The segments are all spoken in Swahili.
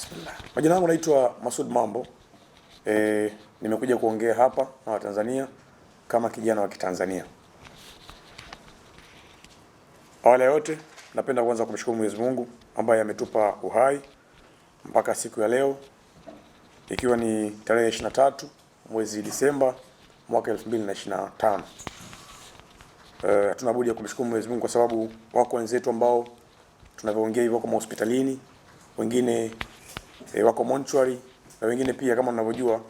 Bismillah. Majina yangu naitwa Masud Mambo. E, nimekuja kuongea hapa na Watanzania kama kijana wa Kitanzania. Awali yote napenda kwanza kumshukuru Mwenyezi Mungu ambaye ametupa uhai mpaka siku ya leo ikiwa ni tarehe 23 mwezi Disemba mwaka 2025. Eh, hatuna budi ya kumshukuru Mwenyezi Mungu kwa sababu wako wenzetu ambao tunavyoongea hivyo kwa hospitalini, wengine e, wako mortuary na wengine pia kama mnavyojua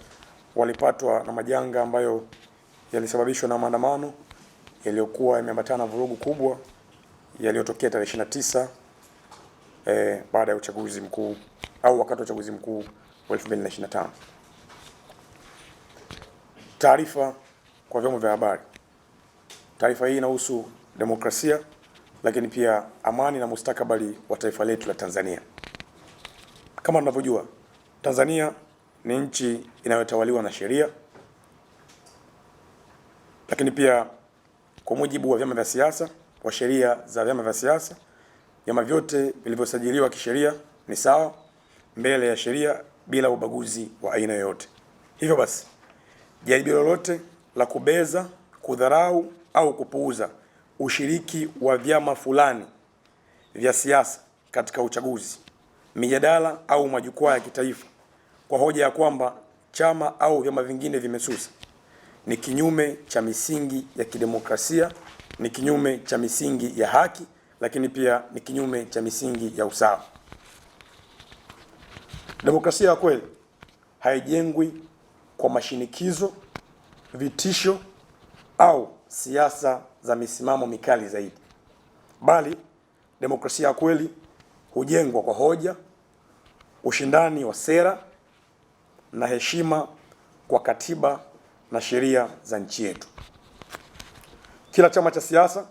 walipatwa na majanga ambayo yalisababishwa na maandamano yaliyokuwa yameambatana vurugu kubwa yaliyotokea tarehe 29 e, baada ya uchaguzi mkuu au wakati wa uchaguzi mkuu wa 2025. Taarifa kwa vyombo vya habari. Taarifa hii inahusu demokrasia lakini pia amani na mustakabali wa taifa letu la Tanzania. Kama tunavyojua Tanzania ni nchi inayotawaliwa na sheria, lakini pia kwa mujibu wa vyama vya siasa, wa sheria za vyama vya siasa, vyama vyote vilivyosajiliwa kisheria ni sawa mbele ya sheria bila ubaguzi wa aina yoyote. Hivyo basi, jaribio lolote la kubeza, kudharau au kupuuza ushiriki wa vyama fulani vya siasa katika uchaguzi mijadala au majukwaa ya kitaifa kwa hoja ya kwamba chama au vyama vingine vimesusa ni kinyume cha misingi ya kidemokrasia, ni kinyume cha misingi ya haki, lakini pia ni kinyume cha misingi ya usawa. Demokrasia ya kweli haijengwi kwa mashinikizo, vitisho au siasa za misimamo mikali zaidi, bali demokrasia ya kweli hujengwa kwa hoja, ushindani wa sera na heshima kwa katiba na sheria za nchi yetu. Kila chama cha siasa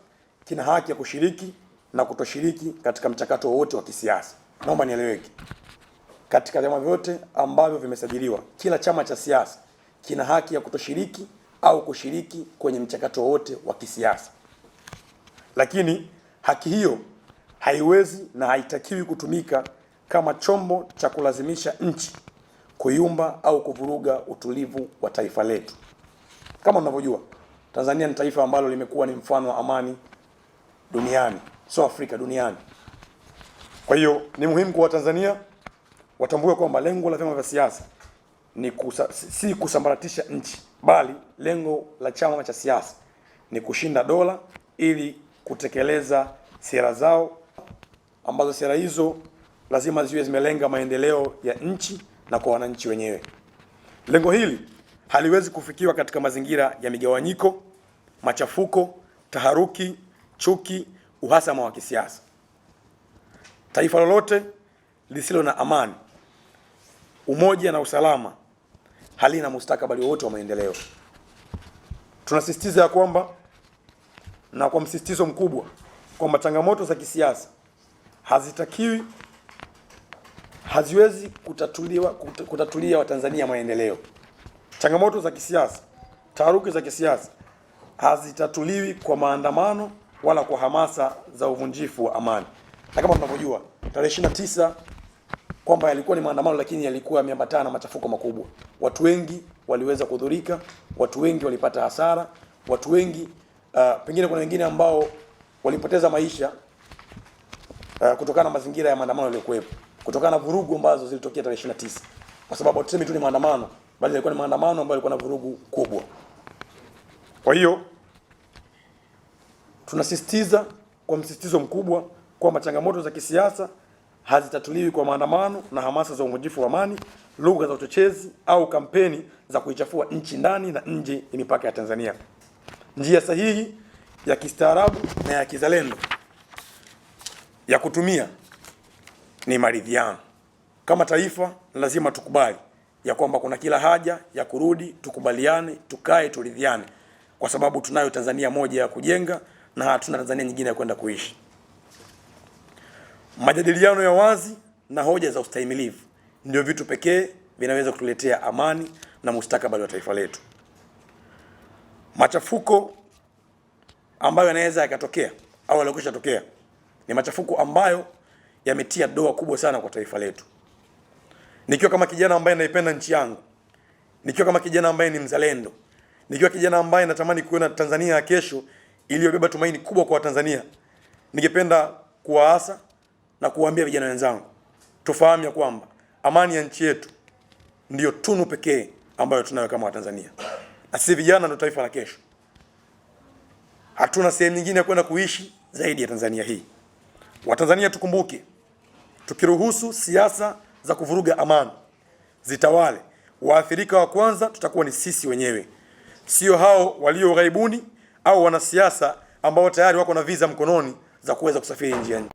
kina haki ya kushiriki na kutoshiriki katika mchakato wowote wa kisiasa. Naomba nieleweke, katika vyama vyote ambavyo vimesajiliwa, kila chama cha siasa kina haki ya kutoshiriki au kushiriki kwenye mchakato wowote wa kisiasa, lakini haki hiyo haiwezi na haitakiwi kutumika kama chombo cha kulazimisha nchi kuyumba au kuvuruga utulivu wa taifa letu. Kama unavyojua, Tanzania ni taifa ambalo limekuwa ni mfano wa amani duniani, sio Afrika, duniani. Kwa hiyo ni muhimu kwa Watanzania watambue kwamba lengo la vyama vya siasa ni kusa, si kusambaratisha nchi, bali lengo la chama cha siasa ni kushinda dola ili kutekeleza sera zao ambazo sera hizo lazima ziwe zimelenga maendeleo ya nchi na kwa wananchi wenyewe. Lengo hili haliwezi kufikiwa katika mazingira ya migawanyiko, machafuko, taharuki, chuki, uhasama wa kisiasa. Taifa lolote lisilo na amani, umoja na usalama halina mustakabali wowote wa maendeleo. Tunasisitiza ya kwamba na kwa msisitizo mkubwa kwamba changamoto za kisiasa hazitakiwi, haziwezi kutatuliwa kutatulia Watanzania maendeleo. Changamoto za kisiasa, taharuki za kisiasa hazitatuliwi kwa maandamano wala kwa hamasa za uvunjifu wa amani. Na kama tunavyojua tarehe 29 kwamba yalikuwa ni maandamano lakini yalikuwa yameambatana na machafuko makubwa. Watu wengi waliweza kudhurika, watu wengi walipata hasara, watu wengi uh, pengine kuna wengine ambao walipoteza maisha uh, kutokana na mazingira ya maandamano yaliyokuwepo, kutokana na vurugu ambazo zilitokea tarehe 29, kwa sababu tuseme tu ni maandamano, bali ilikuwa ni maandamano ambayo ilikuwa na vurugu kubwa. Kwa hiyo tunasisitiza kwa msisitizo mkubwa kwamba changamoto za kisiasa hazitatuliwi kwa maandamano na hamasa za uvunjifu wa amani, lugha za uchochezi au kampeni za kuichafua nchi ndani na nje ya mipaka ya Tanzania. Njia sahihi ya kistaarabu na ya kizalendo ya kutumia ni maridhiano. Kama taifa lazima tukubali ya kwamba kuna kila haja ya kurudi tukubaliane, tukae, turidhiane, kwa sababu tunayo Tanzania moja ya kujenga na hatuna Tanzania nyingine ya kwenda kuishi. Majadiliano ya wazi na hoja za ustahimilivu ndio vitu pekee vinaweza kutuletea amani na mustakabali wa taifa letu. Machafuko ambayo yanaweza yakatokea au yaliyokwisha tokea ni machafuko ambayo yametia doa kubwa sana kwa taifa letu. Nikiwa kama kijana ambaye naipenda nchi yangu, nikiwa kama kijana ambaye ni mzalendo, nikiwa kijana ambaye natamani kuona Tanzania ya kesho iliyobeba tumaini kubwa kwa Watanzania, ningependa kuwaasa na kuwaambia vijana wenzangu, tufahamu ya kwamba amani ya nchi yetu ndiyo tunu pekee ambayo tunayo kama Watanzania, na sisi vijana ndio taifa la kesho. Hatuna sehemu nyingine ya kwenda kuishi zaidi ya Tanzania hii. Watanzania tukumbuke, tukiruhusu siasa za kuvuruga amani zitawale, waathirika wa kwanza tutakuwa ni sisi wenyewe, sio hao walio ughaibuni au wanasiasa ambao tayari wako na visa mkononi za kuweza kusafiri njiani.